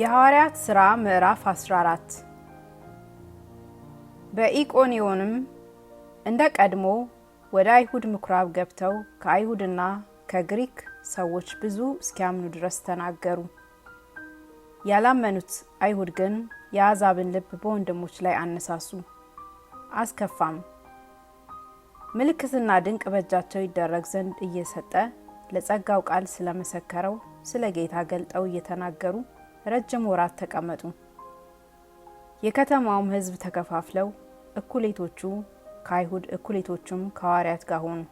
የሐዋርያት ሥራ ምዕራፍ 14 በኢቆኒዮንም እንደ ቀድሞ ወደ አይሁድ ምኩራብ ገብተው ከአይሁድና ከግሪክ ሰዎች ብዙ እስኪያምኑ ድረስ ተናገሩ። ያላመኑት አይሁድ ግን የአሕዛብን ልብ በወንድሞች ላይ አነሳሱ፣ አስከፋም። ምልክትና ድንቅ በእጃቸው ይደረግ ዘንድ እየሰጠ ለጸጋው ቃል ስለመሰከረው ስለ ጌታ ገልጠው እየተናገሩ ረጅም ወራት ተቀመጡ። የከተማውም ሕዝብ ተከፋፍለው እኩሌቶቹ ከአይሁድ እኩሌቶቹም ከሐዋርያት ጋር ሆኑ።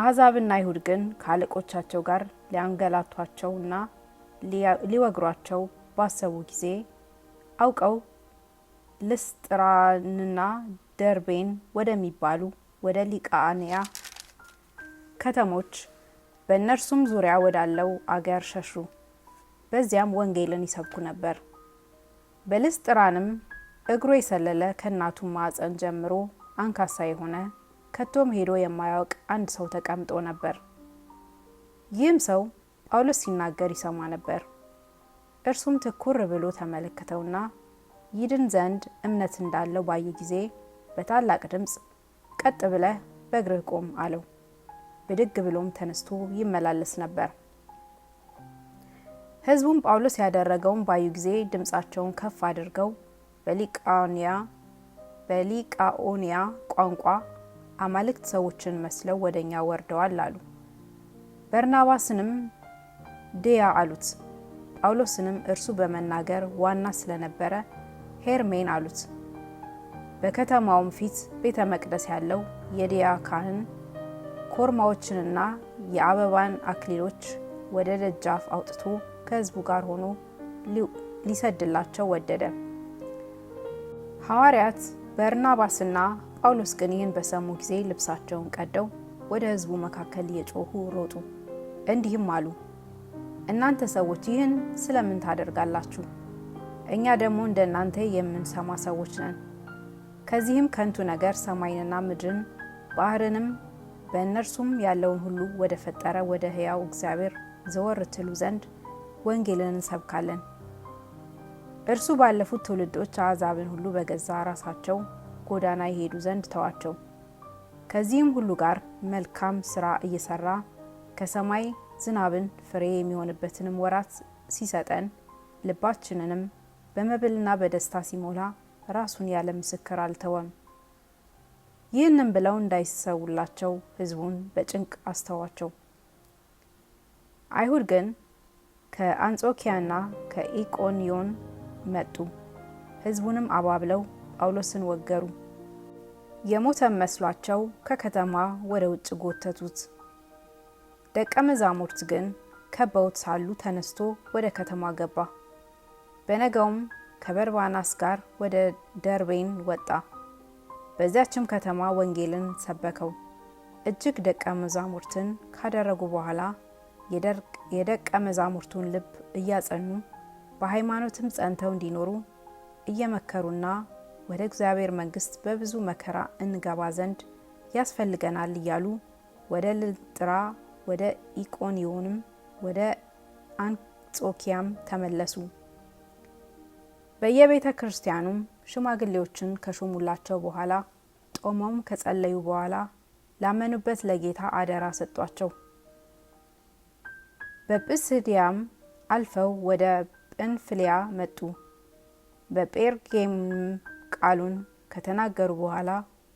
አሕዛብና አይሁድ ግን ከአለቆቻቸው ጋር ሊያንገላቷቸውና ሊወግሯቸው ባሰቡ ጊዜ አውቀው ልስጥራንና ደርቤን ወደሚባሉ ወደ ሊቃንያ ከተሞች በእነርሱም ዙሪያ ወዳለው አገር ሸሹ። በዚያም ወንጌልን ይሰብኩ ነበር። በልስጥራንም እግሩ የሰለለ ከእናቱ ማዕፀን ጀምሮ አንካሳ የሆነ ከቶም ሄዶ የማያውቅ አንድ ሰው ተቀምጦ ነበር። ይህም ሰው ጳውሎስ ሲናገር ይሰማ ነበር። እርሱም ትኩር ብሎ ተመለከተውና ይድን ዘንድ እምነት እንዳለው ባየ ጊዜ በታላቅ ድምፅ ቀጥ ብለህ በእግርህ ቆም አለው። ብድግ ብሎም ተነስቶ ይመላለስ ነበር። ሕዝቡም ጳውሎስ ያደረገውን ባዩ ጊዜ ድምፃቸውን ከፍ አድርገው በሊቃኦንያ ቋንቋ አማልክት ሰዎችን መስለው ወደ እኛ ወርደዋል አሉ። በርናባስንም ድያ አሉት። ጳውሎስንም እርሱ በመናገር ዋና ስለነበረ ሄርሜን አሉት። በከተማውም ፊት ቤተ መቅደስ ያለው የድያ ካህን ኮርማዎችንና የአበባን አክሊሎች ወደ ደጃፍ አውጥቶ ከህዝቡ ጋር ሆኖ ሊሰድላቸው ወደደ። ሐዋርያት በርናባስና ጳውሎስ ግን ይህን በሰሙ ጊዜ ልብሳቸውን ቀደው ወደ ህዝቡ መካከል እየጮሁ ሮጡ፣ እንዲህም አሉ እናንተ ሰዎች ይህን ስለምን ታደርጋላችሁ? እኛ ደግሞ እንደ እናንተ የምንሰማ ሰዎች ነን። ከዚህም ከንቱ ነገር ሰማይንና ምድርን ባህርንም በእነርሱም ያለውን ሁሉ ወደ ፈጠረ ወደ ሕያው እግዚአብሔር ዘወር ትሉ ዘንድ ወንጌልን እንሰብካለን። እርሱ ባለፉት ትውልዶች አሕዛብን ሁሉ በገዛ ራሳቸው ጎዳና ይሄዱ ዘንድ ተዋቸው። ከዚህም ሁሉ ጋር መልካም ስራ እየሰራ ከሰማይ ዝናብን ፍሬ የሚሆንበትንም ወራት ሲሰጠን ልባችንንም በመብልና በደስታ ሲሞላ ራሱን ያለ ምስክር አልተወም። ይህንም ብለው እንዳይሰውላቸው ሕዝቡን በጭንቅ አስተዋቸው። አይሁድ ግን ከአንጾኪያና ከኢቆንዮን መጡ። ሕዝቡንም አባብለው ጳውሎስን ወገሩ፣ የሞተም መስሏቸው ከከተማ ወደ ውጭ ጎተቱት። ደቀ መዛሙርት ግን ከበውት ሳሉ ተነስቶ ወደ ከተማ ገባ። በነገውም ከበርባናስ ጋር ወደ ደርቤን ወጣ። በዚያችም ከተማ ወንጌልን ሰበከው። እጅግ ደቀ መዛሙርትን ካደረጉ በኋላ የደቀ መዛሙርቱን ልብ እያጸኑ በሃይማኖትም ጸንተው እንዲኖሩ እየመከሩና ወደ እግዚአብሔር መንግስት በብዙ መከራ እንገባ ዘንድ ያስፈልገናል እያሉ ወደ ልጥራ፣ ወደ ኢቆኒዮንም ወደ አንጾኪያም ተመለሱ። በየቤተ ክርስቲያኑም ሽማግሌዎችን ከሾሙላቸው በኋላ ጦመውም ከጸለዩ በኋላ ላመኑበት ለጌታ አደራ ሰጧቸው። በጵስድያም አልፈው ወደ ጵንፍልያ መጡ። በጴርጌም ቃሉን ከተናገሩ በኋላ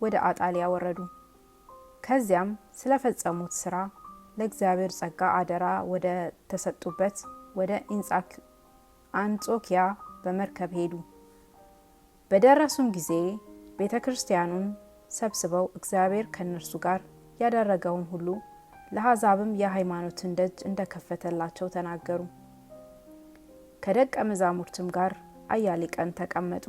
ወደ አጣሊያ ወረዱ። ከዚያም ስለፈጸሙት ስራ ለእግዚአብሔር ጸጋ አደራ ወደ ተሰጡበት ወደ አንጾኪያ በመርከብ ሄዱ። በደረሱም ጊዜ ቤተ ክርስቲያኑን ሰብስበው እግዚአብሔር ከእነርሱ ጋር ያደረገውን ሁሉ ለአሕዛብም የሃይማኖትን ደጅ እንደከፈተላቸው ተናገሩ። ከደቀ መዛሙርትም ጋር አያሌ ቀን ተቀመጡ።